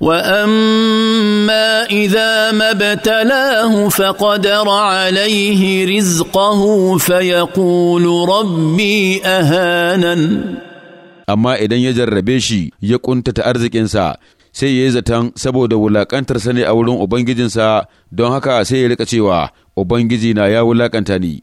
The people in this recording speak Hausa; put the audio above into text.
واما اذا ما ابتلاه فقدر عليه رزقه فيقول ربي ahanan. amma idan ya jarrabe shi ya ƙuntata arzikinsa sai ya yi zaton saboda wulaƙantarsa ne a wurin ubangijinsa don haka sai ya rika cewa ubangiji na ya wulaƙanta ni